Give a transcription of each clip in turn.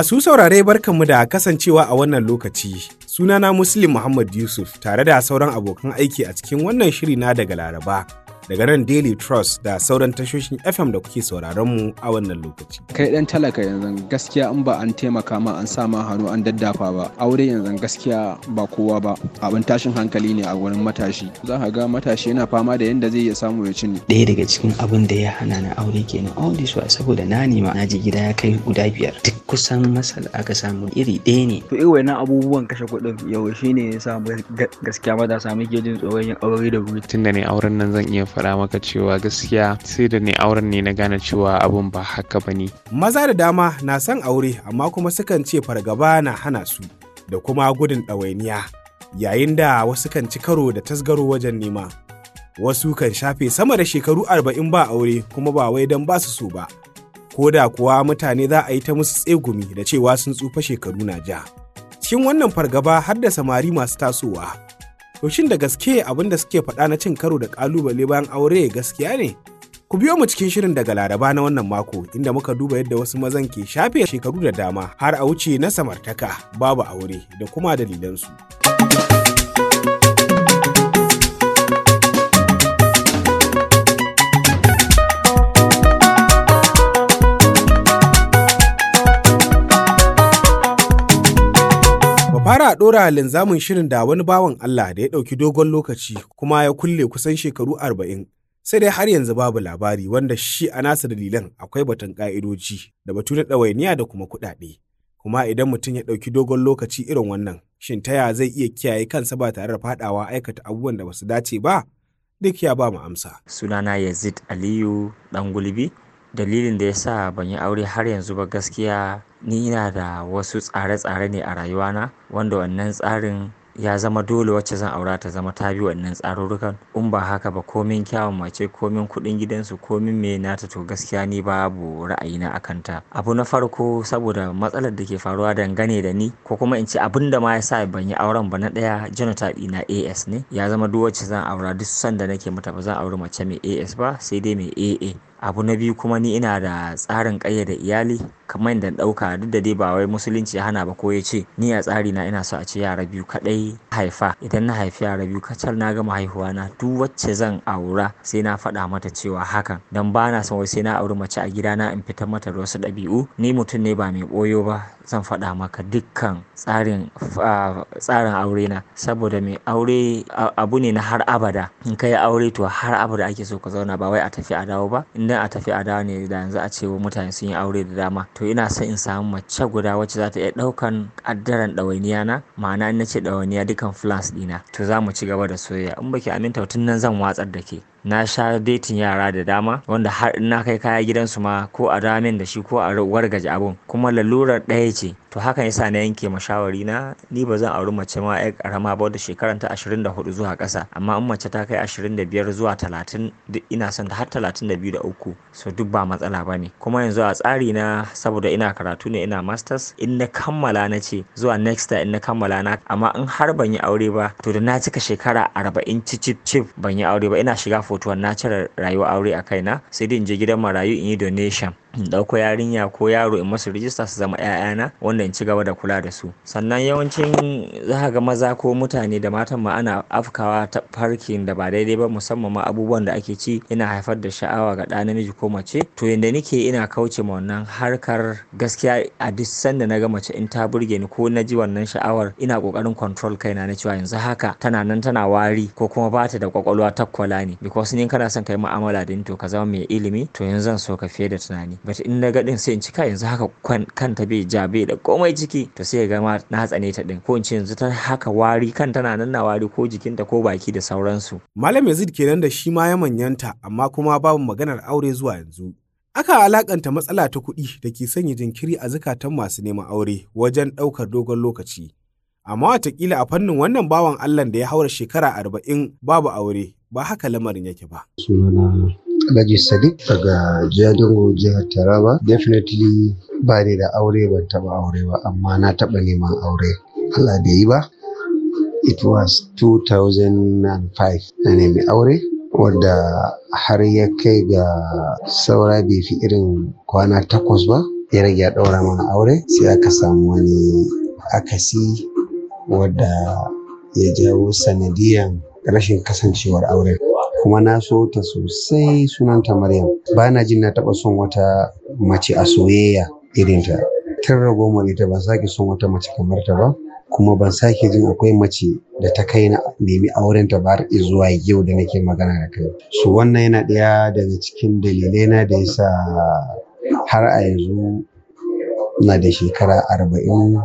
Masu saurare barkanmu da kasancewa a wannan lokaci. Sunana Muslim Muhammad Yusuf tare da sauran abokan aiki a cikin wannan shiri na daga Laraba. daga nan Daily Trust da sauran tashoshin FM da kuke sauraron mu a wannan lokaci. Kai dan talaka yanzu gaskiya in ba an taimaka ma an sa ma hannu an daddafa ba aure yanzu gaskiya ba kowa ba abin tashin hankali ne a wurin matashi za ka ga matashi yana fama da yanda zai iya samu ya cinye. Daya daga cikin abin da ya hana na aure kenan aure su saboda na nema na ji gida ya kai guda biyar duk kusan masal aka samu iri ɗaya ne. To irin na abubuwan kashe kuɗin yau shine ya sa gaskiya matasa samu gejin tsoron yin aure da wuri. Tunda ne auren nan zan iya faɗa maka cewa gaskiya sai da ni auren ne na gane cewa abun ba haka ba ne. Maza da dama na son aure amma kuma sukan ce fargaba na hana su da kuma gudun ɗawainiya yayin da wasu kan ci karo da tasgaro wajen nema. Wasu kan shafe sama da shekaru arba'in ba aure kuma ba wai don ba su so ba. Ko da kuwa mutane za a yi ta musu tsegumi da cewa sun tsufa shekaru na ja. Cikin wannan fargaba har da samari masu tasowa. To shin da gaske abin da suke faɗa na cin karo da ƙalubale bayan aure gaskiya ne? Ku biyo mu cikin shirin daga Laraba na wannan mako inda muka duba yadda wasu mazan ke shafe shekaru da dama har a wuce na samartaka babu aure da kuma dalilansu. shekara a ɗora linzamin shirin da wani bawan Allah da ya ɗauki dogon lokaci kuma ya kulle kusan shekaru arba'in. Sai dai har yanzu babu labari wanda shi a nasa dalilan akwai batun ƙa'idoji da batu na ɗawainiya da kuma kuɗaɗe. Kuma idan mutum ya ɗauki dogon lokaci irin wannan, shin taya zai iya kiyaye kansa ba tare da faɗawa aikata abubuwan da basu dace ba? Duk ya ba mu amsa. Sunana Yazid Aliyu Ɗangulbi. Dalilin da ya sa ban yi aure har yanzu ba gaskiya ni ina da wasu tsare-tsare ne a rayuwana wanda wannan tsarin ya zama dole wacce zan aura ta zama ta bi wannan tsarurrukan. In ba haka ba komin kyawun mace, komin kudin gidansu, komin mai nata to gaskiya ni babu ra'ayina a kanta. Abu na farko saboda matsalar da ke faruwa dangane da ni ko kuma in ce abun da ma ya sa ban yi auren ba na ɗaya genotype na AS ne. Ya zama duk wacce zan aura duk sanda nake mata ba zan auri mace mai AS ba sai dai mai AA. Abu na biyu kuma ni ina da tsarin ƙayyade iyali kamar da na ɗauka duk da dai ba wai musulunci ya hana ba ko ya ce ni a tsari na ina so a ce yara biyu kaɗai haifa. Idan na haifi yara biyu kacal na gama haihuwa na duk wacce zan aura sai na faɗa mata cewa hakan. Dan ba na son wai sai na auri mace a gidana in fitar mata da wasu ɗabi'u. Ni mutum ne ba mai ɓoyo ba. zan faɗa maka dukkan tsarin tsarin aure na saboda mai aure abu ne na har abada in kai aure to har abada ake so ka zauna ba wai a tafi a dawo ba idan a tafi a dawo ne da yanzu a ce mutane sun yi aure da dama to ina son in samu mace guda wacce za ta iya ɗaukan ƙaddaran ɗawainiya na ma'ana in na ce ɗawainiya dukkan Flans ɗina to za mu ci gaba da soyayya in baki aminta tun nan zan watsar da ke na sha datin yara da dama wanda har in na kai kaya gidansu ma ko a ramin da shi ko a wargaje abun kuma lalurar ɗaya ce to hakan yasa na yanke mashawari na ni ba zan auri mace ma yar karama ba da shekaran ta 24 zuwa kasa amma in mace ta kai 25 zuwa 30 duk ina son ta har 32 da uku so duk ba matsala bane kuma yanzu a tsari na saboda ina karatu ne ina masters in na kammala na ce zuwa next in na kammala na amma in har ban yi aure ba to da na cika shekara 40 cicip cip ban yi aure ba ina shiga fotuwar na cire rayuwar aure a kaina sai dai in je gidan marayu in yi donation in ɗauko yarinya ko yaro in masu rijista su zama 'ya'yana wanda in ci gaba da kula da su sannan yawancin za ga maza ko mutane da matan ma ana afkawa ta farkin da ba daidai ba musamman ma abubuwan da ake ci ina haifar da sha'awa ga ɗa namiji ko mace to yanda nike ina kauce ma wannan harkar gaskiya a duk sanda na ga mace in ta burge ni ko na ji wannan sha'awar ina kokarin control kai na cewa yanzu haka tana nan tana wari ko kuma ba ta da kwakwalwa takwala ne because ni kana son ka yi mu'amala da ni to ka zama mai ilimi to yanzu zan so ka fiye da tunani mace in na ga din sai in cika yanzu haka kanta bai ja bai da komai ciki to sai ga ma na tsane ta din ko in yanzu ta haka wari kan tana nan na wari ko jikinta ko baki da sauransu malam yazid kenan da shi ma ya manyanta amma kuma babu maganar aure zuwa yanzu Aka alakanta matsala ta kuɗi da ke sanya jinkiri a zukatan masu neman aure wajen ɗaukar dogon lokaci. Amma watakila a fannin wannan bawan Allah da ya haura shekara arba'in babu aure ba haka lamarin yake ba. Alhaji Sadiq daga Jalingo jihar Taraba. Definitely ba ni da aure ban taba aure ba amma na taba neman aure. Allah da yi ba. It was 2005 na nemi aure wadda har ya kai ga saura bai fi irin kwana takwas ba ya rage ya ɗaura mana aure sai aka samu wani akasi wadda ya jawo sanadiyan rashin kasancewar aure. kuma na so ta sosai sunanta Maryam. Ba na jin na taɓa son wata mace a soyayya irinta. Tun ragomar ita ban sake son wata mace kamar ta ba, kuma ban sake jin akwai mace da ta kai na nemi aurenta ba har zuwa yau da nake magana da kai. Su wannan yana ɗaya daga cikin dalilai na da yasa har a yanzu na da shekara arba'in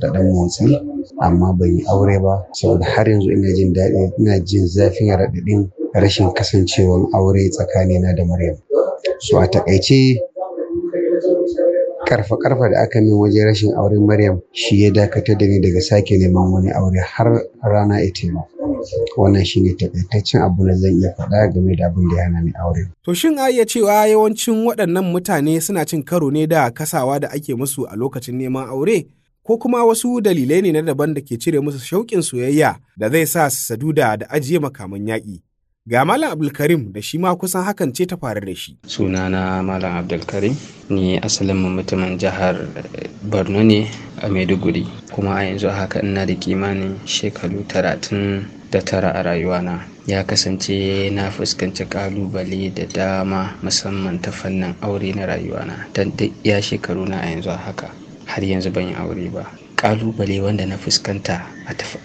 da ɗan motsi amma ban yi aure ba saboda har yanzu ina jin daɗi ina jin zafin raɗaɗin rashin kasancewan aure tsakanina da Maryam. So a takaice karfa karfa da aka min wajen rashin auren Maryam shi ya dakatar da ni daga sake neman wani aure har rana ita yau. Wannan shi ne takaitaccen abu da zan iya faɗa game da abin da ya hana ni aure. To shin a iya cewa yawancin waɗannan mutane suna cin karo ne da kasawa da ake musu a lokacin neman aure? Ko kuma wasu dalilai ne na daban da ke cire musu shauƙin soyayya da zai sa su saduda da ajiye makaman yaƙi. ga malam abdulkarim da shi ma kusan hakan ce ta faru da shi sunana malam abdulkarim ni asalin mutumin jihar borno ne a maiduguri kuma a yanzu haka ina da kimanin shekaru talatin da tara a rayuwana ya kasance na fuskanci kalubale da dama musamman ta fannin aure na rayuwana don duk ya shekaru na a yanzu haka har yanzu ban yi aure ba Ƙalubale wanda na fuskanta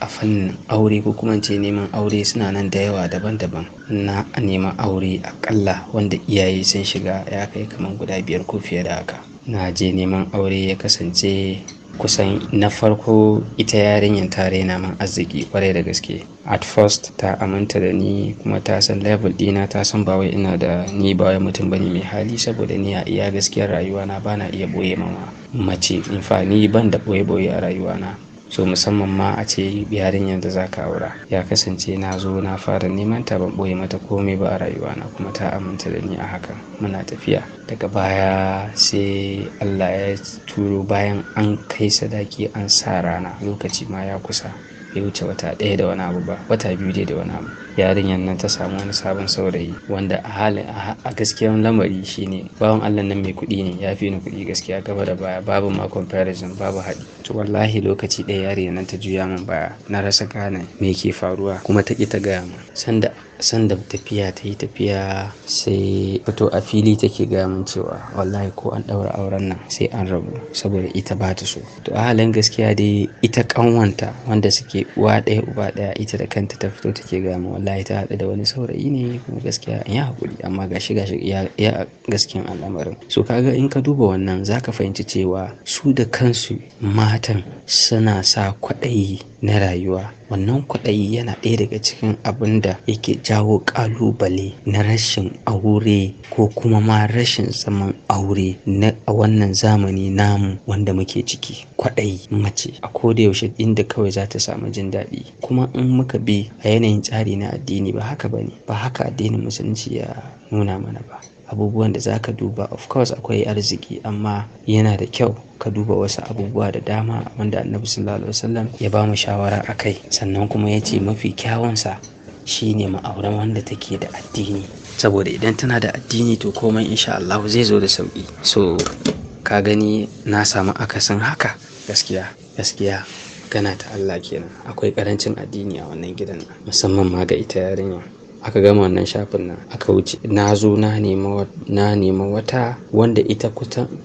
a fannin aure ko kuma ce neman aure suna nan da yawa daban-daban na neman aure akalla wanda iyaye sun shiga ya kai kamar guda biyar ko fiye da haka na je neman aure ya kasance kusan na farko ita yarinyar ta raina man arziki kwarai da gaske at first ta aminta da ni kuma ta san level dina ta san ba ina da ni ba mutum bane mai hali saboda ni a iya gaskiyar rayuwa na bana iya boye mama mace amfani ban da ɓoye-ɓoye a rayuwa na so musamman ma a ce yarin yadda za ka aura ya kasance na zo na fara neman ta ban ɓoye mata komai ba a rayuwa na kuma ta aminta da ni a hakan muna tafiya daga baya sai allah ya turo bayan an kai sadaki an sa rana lokaci ma ya kusa bai wuce wata ɗaya da wani abu ba wata biyu dai da wani abu yarinyar nan ta samu wani sabon saurayi wanda a halin a gaskiyar lamari shine bawan allah nan mai kuɗi ne ya fi ni kuɗi gaskiya gaba da baya babu ma comparison babu haɗi to wallahi lokaci ɗaya yarinyar nan ta juya min baya na rasa gane me ke faruwa kuma ta ƙi ta gaya min sanda sanda tafiya ta yi tafiya sai fito a fili take gaya cewa wallahi ko an ɗaura auren nan sai an rabu saboda ita ba ta so to a halin gaskiya dai ita kanwanta wanda suke uwa ɗaya uba ɗaya ita da kanta ta fito take gaya min wallahi ta haɗu da wani saurayi ne kuma gaskiya in ya haƙuri amma gashi gashi ya gaskiyan al'amarin so kaga in ka duba wannan zaka fahimci cewa su da kansu matan suna sa kwaɗayi na rayuwa wannan kwaɗayi yana ɗaya daga cikin abin da yake jawo ƙalubale na rashin aure ko kuma ma rashin zaman aure na a wannan zamani namu wanda muke ciki kwaɗayi mace a koda yaushe inda kawai za ta samu jin daɗi kuma in muka bi a yanayin tsari na addini ba haka ba ne ba haka addinin musulunci ya nuna mana ba abubuwan da za ka duba of course akwai arziki amma yana da kyau ka duba wasu abubuwa da dama wanda annabi sallallahu alaihi wasallam ya ba mu shawara a kai sannan kuma ya ce mafi kyawunsa shine ma'auran wanda take da addini saboda idan tana da addini to komai insha Allah zai zo da sauki so ka gani na samu akasin haka gaskiya gaskiya gana ta Allah kenan akwai karancin addini a wannan gidan musamman ma ga ita yarinya aka gama wannan shafin nan aka wuce na zo na nema wata wanda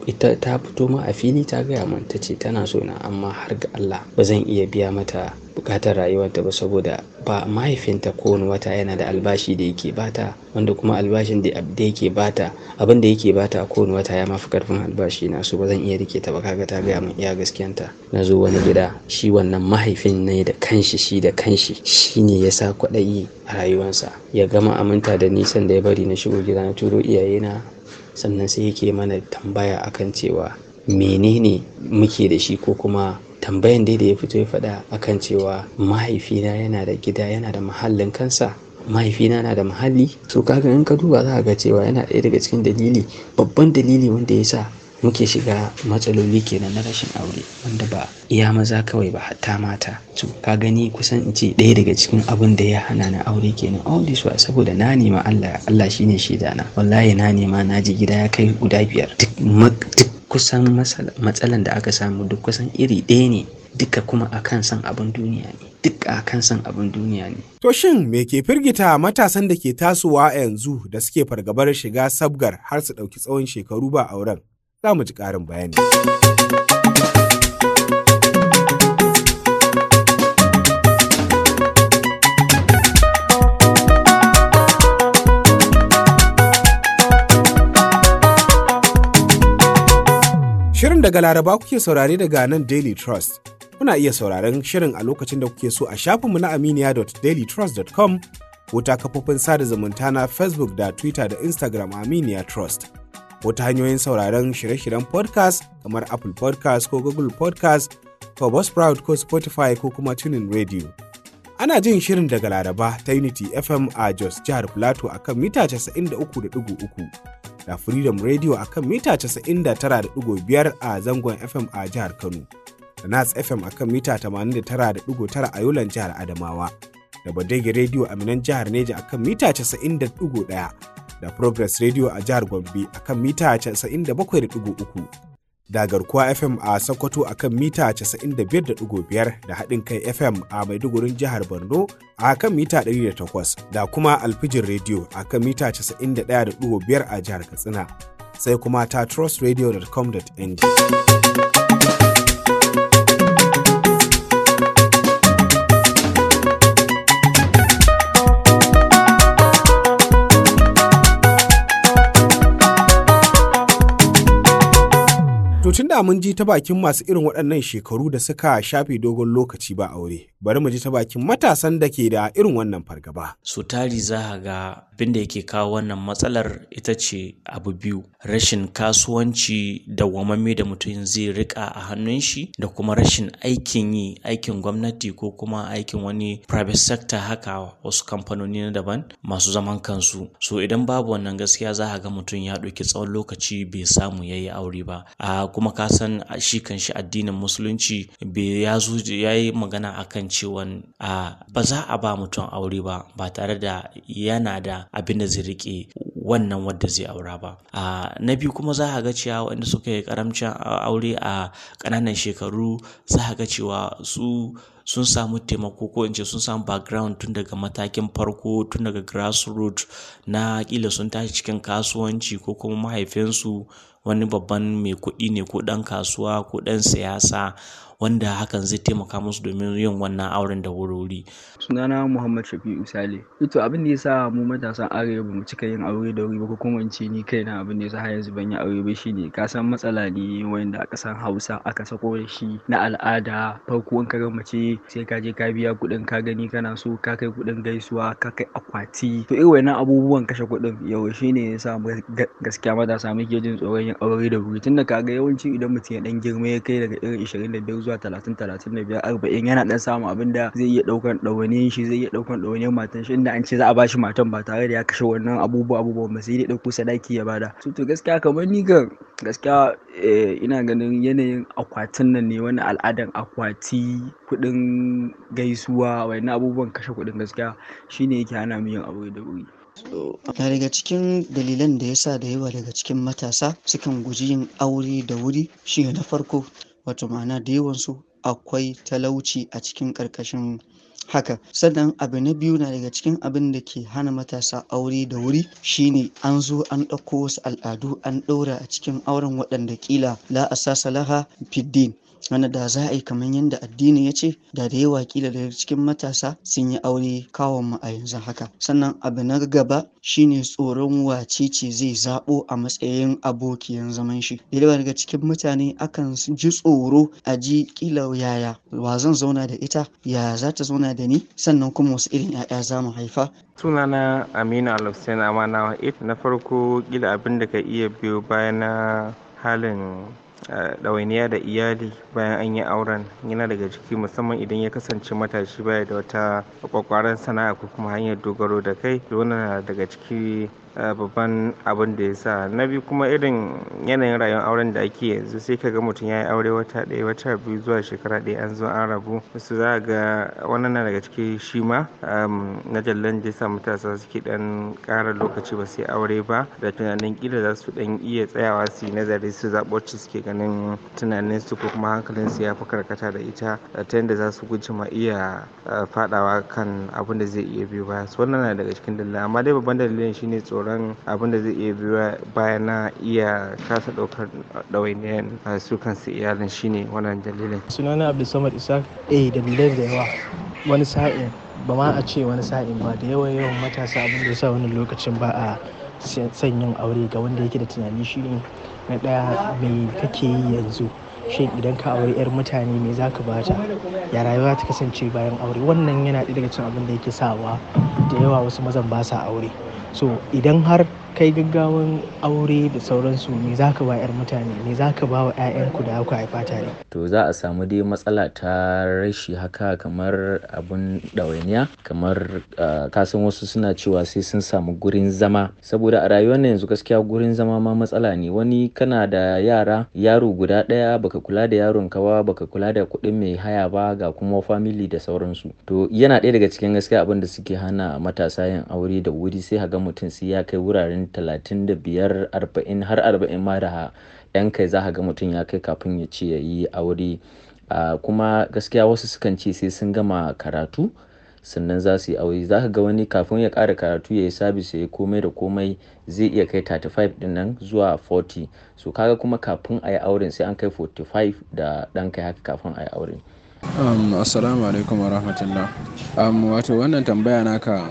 ita ta fito ma a fili ta gaya min ta ce tana so na amma har ga Allah ba zan iya biya mata bukatar rayuwarta ba saboda ba mahaifinta kowane wata yana da albashi da yake bata wanda kuma albashin da yake bata abin da yake bata a kowane wata ya mafi karfin albashi na su ba zan iya rike ta ba kaga ta gaya min iya gaskiyanta na zo wani gida shi wannan mahaifin ne da kanshi shi da kanshi shi ne ya sa kwaɗayi a rayuwarsa ya gama aminta da nisan da ya bari na shigo gida na turo iyayena sannan sai yake mana tambaya akan cewa menene muke da shi ko kuma tambayan dai da ya fito ya faɗa a kan cewa mahaifina yana da gida yana da mahallin kansa mahaifina na da mahalli so kaga in ka duba za ga cewa yana ɗaya daga cikin dalili babban dalili wanda ya sa muke shiga matsaloli kenan na rashin aure wanda ba iya maza kawai ba hatta mata to ka gani kusan in ce ɗaya daga cikin abin da ya hana ni aure kenan all this saboda na nema Allah Allah shine shi na wallahi na nema na ji gida ya kai guda biyar duk kusan matsalan da aka samu duk kusan iri ɗaya ne duka kuma a kan san abin duniya ne duk a kan san abin duniya ne. To shin me ke firgita matasan da ke tasowa a yanzu da suke fargabar shiga sabgar har su ɗauki tsawon shekaru ba auren? Za mu ji ƙarin bayani. Shirin daga Laraba kuke saurare daga nan Daily Trust. Kuna iya sauraren shirin a lokacin da kuke so a shafinmu na aminiya.dailytrust.com ko ta kafofin sada zumunta na Facebook da Twitter da Instagram Aminiya Trust. Ko ta hanyoyin sauraren shirye-shiryen podcast kamar Apple podcast ko Google podcast ko Buzzsprout ko Spotify ko kuma Tuning Radio. Ana jin shirin daga Laraba ta Unity FM a Jos Jihar Plateau akan mita 93.3. da Freedom Radio a kan mita 99.5 a zangon FM a jihar Kano, da Nas FM a kan mita 89.9 a Yolan jihar Adamawa, da Badegi Radio a Minan jihar Neja a kan mita 90.1, da Progress Radio a jihar Gombe a kan mita 97.3. da garkuwa FM a Sokoto a kan mita 95.5 da haɗin kai FM a Maiduguri jihar Borno a kan mita 108 da kuma Alfijin rediyo a kan mita 91.5 a jihar Katsina sai kuma ta trustradio.com.ng. tun da mun ji ta bakin masu irin waɗannan shekaru da suka shafe dogon lokaci ba aure, bari mu ji ta bakin matasan da ke da irin wannan fargaba. So tari za ga abin da yake kawo wannan matsalar ita ce abu biyu, rashin kasuwanci da wamame da mutum zai rika a hannun shi da kuma rashin aikin yi, aikin gwamnati ko kuma aikin wani private sector haka wasu kamfanoni na daban masu zaman kansu. So idan babu wannan gaskiya za ga mutum ya ɗauki tsawon lokaci bai samu ya yi aure ba. Ah, a kuma ka san shi kan shi addinin musulunci ya yi magana a kan cewa a ba za a ba mutum aure ba ba tare da yana da abin da zai rike wannan wadda zai aura ba a na biyu kuma za a ga cewa waɗanda suka yi karamcin aure a ƙananan shekaru za a ga cewa su sun samu taimako ko in ce sun samu background tun daga matakin farko tun daga grassroots na kila sun tashi cikin kasuwanci ko kuma mahaifinsu wani babban mai kuɗi ne ko ɗan kasuwa ko ɗan siyasa wanda hakan zai taimaka musu domin yin wannan auren da wurori. sunana muhammad shafi'u sale ito abin da ya sa mu matasan arewa ba mu cika yin aure da wuri ba ko kuma ce ni kaina abin da ya har yanzu ban yi aure ba shine ka san matsala ne wanda a san hausa aka sako da shi na al'ada farko an karar mace sai ka je ka biya kuɗin ka gani kana so ka kai kuɗin gaisuwa ka kai akwati to irin wannan abubuwan kashe kuɗin yau ya sa gaskiya matasa muke jin tsoron yin aure da wuri tunda kaga yawanci idan mutum ya dan girma ya kai daga irin 25 zuwa 30 35 40 yana dan samun abin da zai iya ɗaukan ɗawainiyin shi zai iya daukan ɗawainiyin matan shi inda an ce za a bashi matan ba tare da ya kashe wannan abubuwa abubuwan ba sai dai ɗauko sadaki ya bada to gaskiya kamar ni kan gaskiya Eh, ina ganin yanayin akwatin nan ne wani al'adan akwati kudin gaisuwa wani abubuwan kashe kudin gaskiya shine yake hana mu yin aure da wuri na daga cikin dalilan da yasa da yawa daga cikin matasa sukan guji yin aure da wuri shine na farko wato ma'ana da yawansu akwai talauci a cikin karkashin haka sannan abu na biyu na daga cikin abin da ke hana matasa aure da wuri shine an zo an ɗauko wasu al'adu an ɗaura a cikin auren waɗanda kila la salaha fiddin wanda da za a yi kamar yadda addini ya ce da da yawa kila daga cikin matasa sun yi aure kawon mu a yanzu haka sannan abu na gaba shine tsoron wace ce zai zaɓo a matsayin abokiyan zaman shi da daga cikin mutane akan ji tsoro a ji kila yaya wa zan zauna da ita ya za ta zauna da ni sannan kuma wasu irin 'ya'ya za mu haifa sunana amina alhussein amana eh, na farko kila abin da ka iya biyo bayan halin ɗawainiya da iyali bayan an yi auren yana daga ciki musamman idan ya kasance matashi baya da wata ƙwaƙwaran sana'a ko kuma hanyar dogaro da kai wannan na daga ciki babban abin da ya sa. Na biyu kuma irin yanayin rayuwar auren da ake yanzu sai ka ga mutum ya yi aure wata ɗaya, wata biyu zuwa shekara ɗaya an zo an rabu. su za ga wannan na daga cikin shi ma um, na jallan da ya sa matasa suke ɗan ƙara lokaci ba sai aure ba da tunanin ƙila za su ɗan iya tsayawa su yi nazari su zaɓi wacce suke ganin tunanin su ko kuma su ya fi karkata da ita ta yadda za su guji ma iya uh, faɗawa kan abin da zai iya biyo ba Wannan na daga cikin dalilai amma dai babban dalilin shine tsoro. tsoron abin da zai iya biyo baya na iya kasa ɗaukar ɗawainiyar su kansu iyalin shine wannan dalilin. sunana abdulsamad isaac eh dalilai da yawa wani sa'in ba ma a ce wani sa'in ba da yawa yawan matasa abin da ya wani lokacin ba a sanyin aure ga wanda yake da tunani shi ne na ɗaya me kake yi yanzu shin idan ka aure 'yar mutane me za ka bata ya rayuwa ta kasance bayan aure wannan yana ɗaya daga cikin abin da yake sawa da yawa wasu mazan ba sa aure so idan har kai gaggawan aure da sauransu me za ka ba 'yar mutane me za ka ba wa 'ya'yanku da aka haifa tare to za a samu dai matsala ta rashi haka kamar abun ɗawainiya kamar ah, kasan wasu suna cewa sai sun samu gurin zama saboda a rayuwar na yanzu gaskiya gurin zama ma matsala ne wani kana da yara yaro guda ɗaya baka kula da yaron kawa baka kula da kuɗin mai haya ba ga kuma family da sauransu to yana ɗaya daga cikin gaskiya abin da suke hana matasa yin aure da wuri sai ka ga mutum sai ya kai wuraren da 35 40 har 40 ma da yan kai za ga mutum ya kai kafin ya ce ya yi aure kuma gaskiya wasu sukan ce sai sun gama karatu sannan za su yi aure za ka ga wani kafin ya ƙara karatu ya yi sabis ya yi komai da komai zai iya kai 35 din nan zuwa 40 so kaga kuma kafin a yi auren sai an kai 45 da ɗan kai haka kafin a yi auren assalamu alaikum wa rahmatullah wato wannan tambaya naka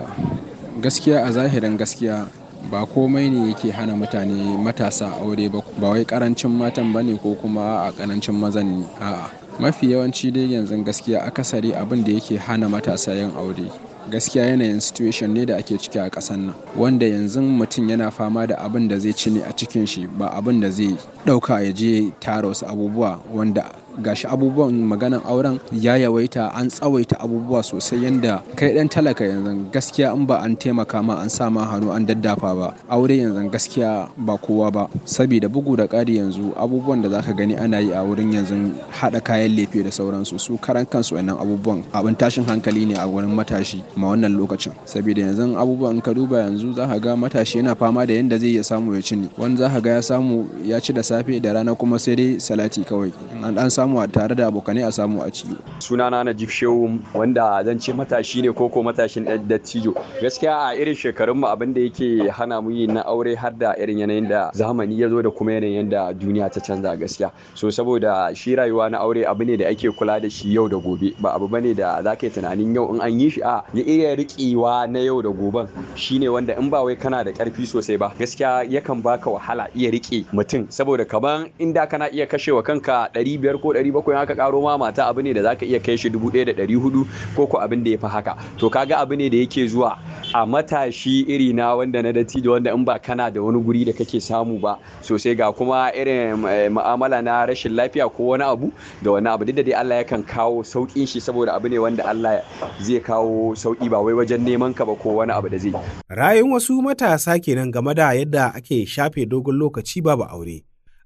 gaskiya a zahirin gaskiya ba komai ne yake hana mutane matasa aure ba ba wai karancin matan ne ko kuma a karancin mazan ne a'a mafi yawanci dai yanzu gaskiya akasari abin da yake hana matasa yin aure gaskiya yanayin situation ne da ake ciki a ƙasar nan wanda yanzu mutum yana fama da abin da zai ci ne a cikin shi ba abin da zai ɗauka ya je tara abubuwa wanda gashi abubuwan maganan auren ya yawaita an tsawaita abubuwa sosai yanda kai dan talaka yanzu gaskiya in ba an taimaka ma an sa ma hannu an daddafa ba aure yanzu gaskiya ba kowa ba saboda bugu da ƙari yanzu abubuwan da zaka gani ana yi a wurin yanzu hada kayan lefe da sauransu su karan kansu wannan abubuwan abin tashin hankali ne a wurin matashi ma wannan lokacin saboda yanzu abubuwan in ka duba yanzu zaka ga matashi yana fama da yanda zai iya samu ya ci ne wani zaka ga ya samu ya ci da safe da rana kuma sai dai salati kawai an dan samu samu a tare da abokanai a samu a ciyo sunana na shehu wanda zan ce matashi ne koko matashin dattijo gaskiya a irin shekarun mu abin da yake hana mu yi na aure har da irin yanayin da zamani ya zo da kuma yanayin da duniya ta canza gaskiya so saboda shi rayuwa na aure abu ne da ake kula da shi yau da gobe ba abu bane da za ka yi tunanin yau in an yi shi a ya iya riƙewa na yau da goben shine wanda in ba wai kana da ƙarfi sosai ba gaskiya yakan baka wahala iya riƙe mutum saboda kaban inda kana iya kashewa kanka 500 ko ɗari bakwai haka karo ma mata abu ne da za ka iya kai shi dubu ɗaya da ɗari hudu ko ko abin da ya fi haka to kaga abu ne da yake zuwa a matashi iri na wanda na dati da wanda in ba kana da wani guri da kake samu ba sosai ga kuma irin eh, mu'amala na rashin lafiya ko wani abu da wani abu duk da dai Allah yakan kawo sauƙin shi saboda abu ne wanda Allah zai kawo sauƙi ba wai wajen neman ka ba ko wani abu da zai rayuwar wasu matasa kenan game da yadda ake shafe dogon lokaci babu aure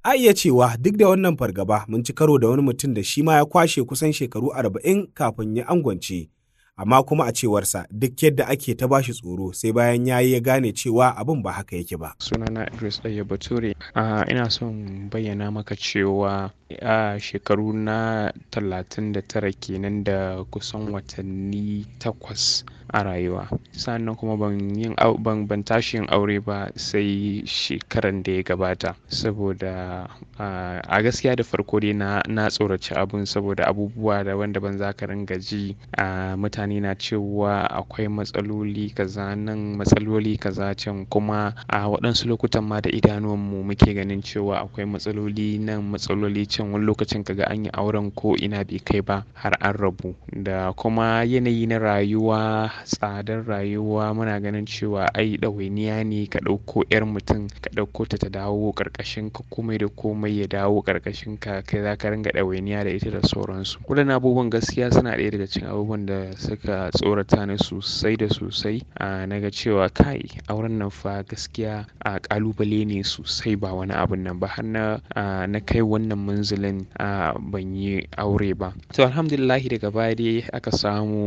A iya cewa duk da wannan fargaba mun ci karo da wani mutum da shi ma ya kwashe kusan shekaru arba'in kafin ya angwance, amma kuma a cewarsa duk yadda ake ta bashi tsoro sai bayan ya yi ya gane cewa abin ba haka yake ba. Sunana Idris ɗaya Bature, ah, ina son bayyana maka cewa a shekaru na 39 kenan da kusan watanni takwas a rayuwa sannan kuma ban yin ban tashi yin aure ba sai shekaran da ya gabata saboda a gaskiya da farko dai na na tsoraci abun saboda abubuwa da wanda ban zaka ringa ji a mutane na cewa akwai matsaloli kaza nan matsaloli kaza can kuma a waɗansu lokutan ma da idanuwanmu muke ganin cewa akwai matsaloli nan matsaloli can lokacin wani lokacin kaga an yi auren ko ina bai kai ba har an rabu da kuma yanayi na rayuwa tsadar rayuwa muna ganin cewa ai ɗawainiya ne ka ɗauko 'yar mutum ka ɗauko ta ta dawo ƙarƙashin ka komai da komai ya dawo ƙarƙashin ka kai za ka ringa ɗawainiya da ita da sauransu waɗannan abubuwan gaskiya suna ɗaya daga cikin abubuwan da suka tsorata ni sosai da sosai a naga cewa kai auren nan fa gaskiya a ƙalubale ne sosai ba wani abun nan ba har na kai wannan munzali Zealand a ban yi aure ba so alhamdulillahi daga baya dai aka samu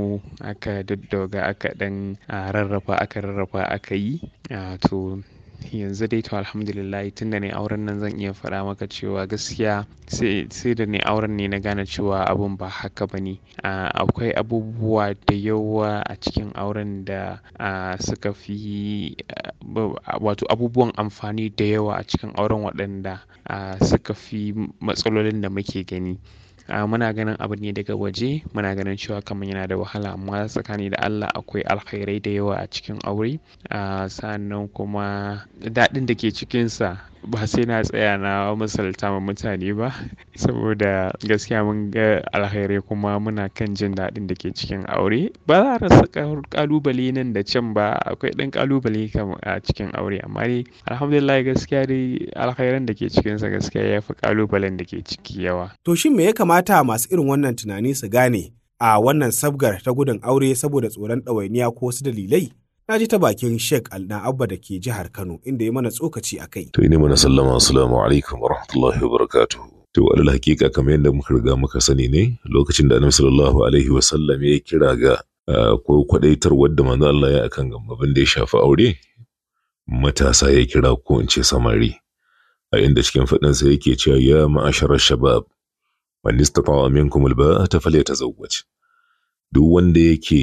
aka daddoga aka dan rarrafa aka rarrafa aka yi to yanzu dai to alhamdulillah tunda ne auren nan zan iya faɗa maka cewa gaskiya sai da ne auren ne na gane cewa abun ba haka ba ne akwai abubuwa da yawa a cikin auren da suka fi wato abubuwan amfani da yawa a cikin auren waɗanda suka fi matsalolin da muke gani Ah, muna ganin abu ne daga waje muna ganin cewa kamar yana da wahala amma tsakani da Allah akwai alkhairai da yawa a cikin aure ah, sannan kuma daɗin da ke cikinsa ba sai na tsaya na misalta ma mutane ba saboda gaskiya mun ga alkhairai kuma muna kan jin daɗin da ke cikin aure ba za a rasa kalubale nan da can ba akwai ɗan kalubale a cikin aure amma dai alhamdulillah gaskiya dai alkhairan da ke cikinsa gaskiya ya fi kalubalen da ke ciki yawa. To shin me ya kamata masu irin wannan tunani su gane a wannan sabgar ta gudun aure saboda tsoron ɗawainiya ko wasu dalilai? na ji ta bakin Sheikh Alna Abba da ke jihar Kano inda ya mana tsokaci a kai. To ina mana sallama assalamu alaikum wa rahmatullahi wa barakatuh. To alal hakika kamar yadda muka riga muka sani ne lokacin da Annabi sallallahu alaihi wa sallam ya kira ga ko kwadaitar wadda manzo Allah ya akan abin da ya shafi aure matasa ya kira ko in ce samari a inda cikin sa yake cewa ya ma'asharar shabab man istata'a minkum alba'ata falyatazawwaj duk wanda yake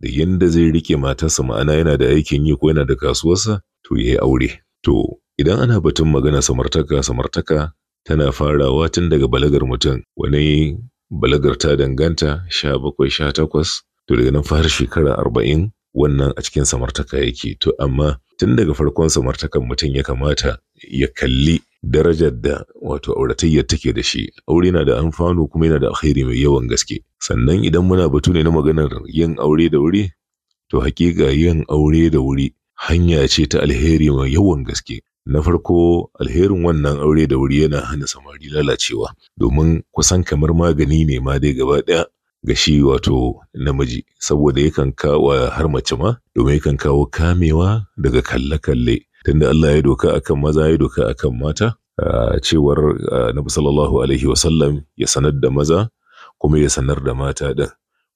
da yanda zai rike matarsa ma'ana yana da aikin yi ko yana da kasuwarsa to ya yi aure. To idan ana batun magana samartaka samartaka tana farawa tun daga balagar mutum wani balagar ta danganta sha bakwai sha takwas to daga nan fara shekara arba'in wannan a cikin samartaka yake to amma tun daga farkon samartakan mutum ya kamata ya kalli darajar da wato auratayyar take da shi aure na da amfano kuma yana da alheri mai yawan gaske sannan idan muna batu ne na maganar yin aure da wuri to hakika yin aure da wuri hanya ce ta alheri mai yawan gaske na farko alherin wannan aure da wuri yana hana samari lalacewa domin kusan kamar magani ne ma dai gaba ɗaya ga shi wato namiji saboda yakan kawo har mace ma domin yakan kawo kamewa daga kalle-kalle tunda Allah ya doka akan maza ya doka akan mata cewar Nabi sallallahu alaihi sallam ya sanar da maza kuma ya sanar da mata din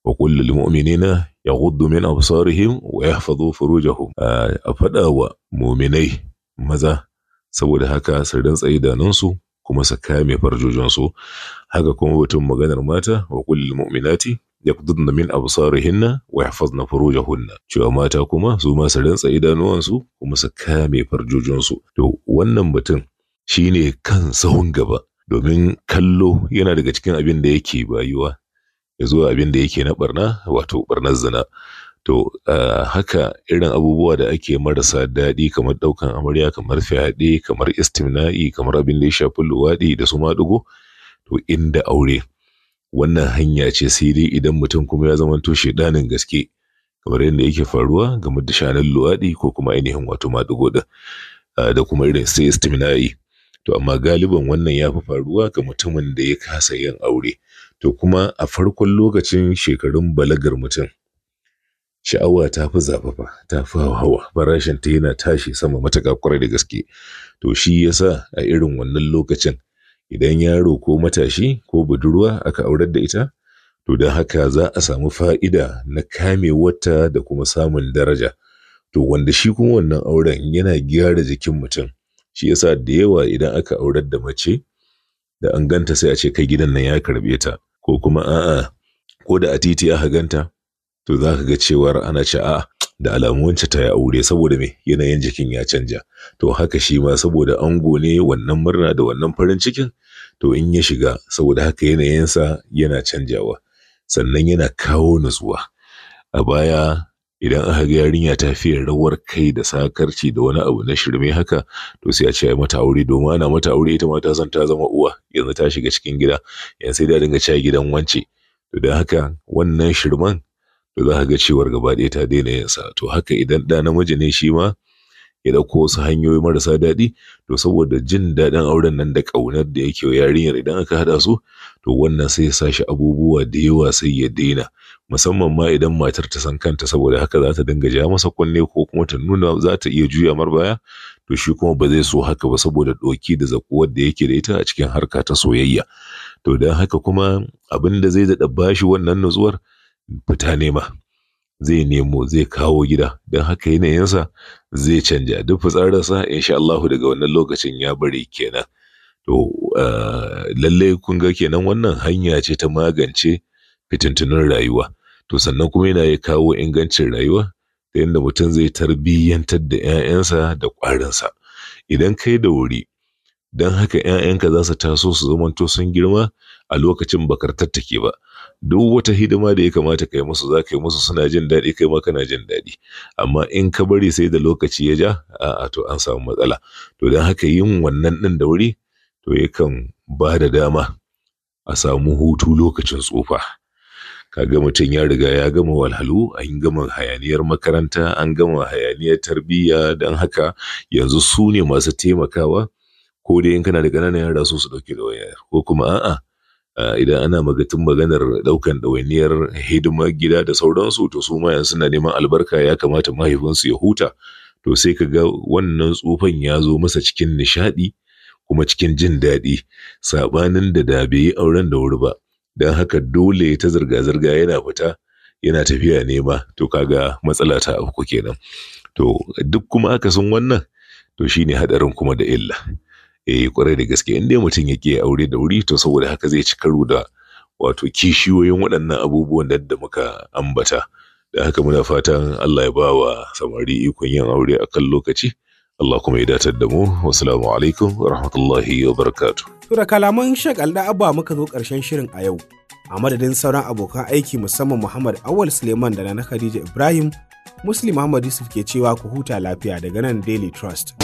wa qul lil mu'minina yaghuddu min absarihim wa yahfazu furujahum a fada wa mu'minai maza saboda haka su rantsa idanunsu kuma su kame farjojinsu haka kuma batun maganar mata wa qul lil mu'minati yaqdudna min absarihinna na furoja hunna. cewa mata kuma su ma su rantsa idanuwansu kuma su kame farjojinsu to wannan mutum shine kan sahun gaba domin kallo yana daga cikin abinda da yake bayuwa ya zuwa abin da yake na barna wato barnar zina to haka irin abubuwa da ake marasa daɗi kamar ɗaukan amarya kamar fyaɗe kamar istimna'i kamar abin da ya shafi luwaɗi da su maɗugo to inda aure wannan hanya ce sai dai idan mutum kuma ya zama to shedanin gaske kamar yadda yake faruwa game da shanin luwaɗi ko kuma ainihin wato maɗigo ɗin ah, da kuma irin sai istimina'i to amma galiban wannan ya fi faruwa ga mutumin da ya kasa yin aure to kuma a farkon lokacin shekarun balagar mutum sha'awa ta fi zafafa ta fi hawa farashin ta yana tashi sama matuƙa da gaske to shi yasa a irin wannan lokacin idan yaro ko matashi ko budurwa aka aurar da ita to don haka za a samu fa'ida na kame wata da kuma samun daraja to wanda shi kuma wannan auren yana gyara jikin mutum shi yasa da yawa idan aka aurar da mace da an ganta sai a ce kai gidan nan ya karbe ta ko kuma a'a ko da a titi aka ganta to za ka ga cewar ana ce a'a da alamuwanci ta ya aure saboda me yanayin jikin ya canja to haka shi ma saboda ango ne wannan murna da wannan farin cikin to in ya shiga saboda haka yanayinsa yana canjawa sannan yana kawo nutsuwa a baya idan aka ga yarinya ta fiye rawar kai da sakarci da wani abu na shirme haka to sai a ce ai mata aure domin ana mata aure ita ma ta san ta zama uwa yanzu ta shiga cikin gida yanzu sai da dinga cewa gidan wance to don haka wannan shirman to za ka ga cewar gaba ɗaya ta daina yin sa to haka idan ɗa namiji ne shi ma ya ɗauko wasu hanyoyi marasa daɗi to saboda jin daɗin auren nan da ƙaunar da yake wa yarinyar idan aka haɗa su to wannan sai ya sashi abubuwa da yawa sai ya daina musamman ma idan matar ta san kanta saboda haka za ta dinga ja masa kunne ko kuma ta nuna za ta iya juya mar baya to shi kuma ba zai so haka ba saboda ɗoki da zakuwar da yake da ita a cikin harka ta soyayya to don haka kuma abin da zai daɗa bashi wannan nutsuwar fita nema zai nemo zai kawo gida don haka yanayinsa zai canja duk sa insha Allahu daga wannan lokacin ya bari kenan to lalle kun ga kenan wannan hanya ce ta magance fitintunun rayuwa to sannan kuma yana ya kawo ingancin rayuwa ta yadda mutum zai tarbiyyantar da 'ya'yansa da ƙwarinsa idan kai da wuri don haka 'ya'yanka za su taso su zamanto sun girma a lokacin bakar tattake ba duk wata hidima da ya kamata kai musu za ka musu suna jin daɗi kai ma kana jin daɗi amma in ka bari sai da lokaci ya ja a'a to an samu matsala to don haka yin wannan ɗin da wuri to yakan ba da dama a samu hutu lokacin tsufa kaga mutum ya riga ya gama walhalu an gama hayaniyar makaranta an gama hayaniyar tarbiyya don haka yanzu su ne masu taimakawa ko dai in kana da ƙananan yara su su ɗauki da wayar ko kuma a'a idan ana magatun maganar ɗaukan ɗawainiyar hidimar gida da sauransu to su ma suna neman albarka ya kamata mahaifinsu ya huta to sai ka ga wannan tsufan ya zo masa cikin nishaɗi kuma cikin jin daɗi saɓanin da da bai yi auren da wuri ba don haka dole ta zirga-zirga yana fita yana tafiya nema to kaga matsala ta afku kenan to duk kuma akasin wannan to shine haɗarin kuma da illa eh kwarai da gaske in dai mutum ya ke aure da wuri to saboda haka zai ci karo da wato kishiyoyin waɗannan abubuwan da da muka ambata da haka muna fatan Allah ya ba wa samari ikon yin aure a kan lokaci Allah kuma ya datar da mu wasalamu alaikum wa rahmatullahi wa barakatu. To da kalaman Sheikh Alda Abba muka zo karshen shirin a yau. A madadin sauran abokan aiki musamman Muhammad Awal Suleiman da na Khadija Ibrahim, Muslim Muhammad Yusuf ke cewa ku huta lafiya daga nan Daily Trust.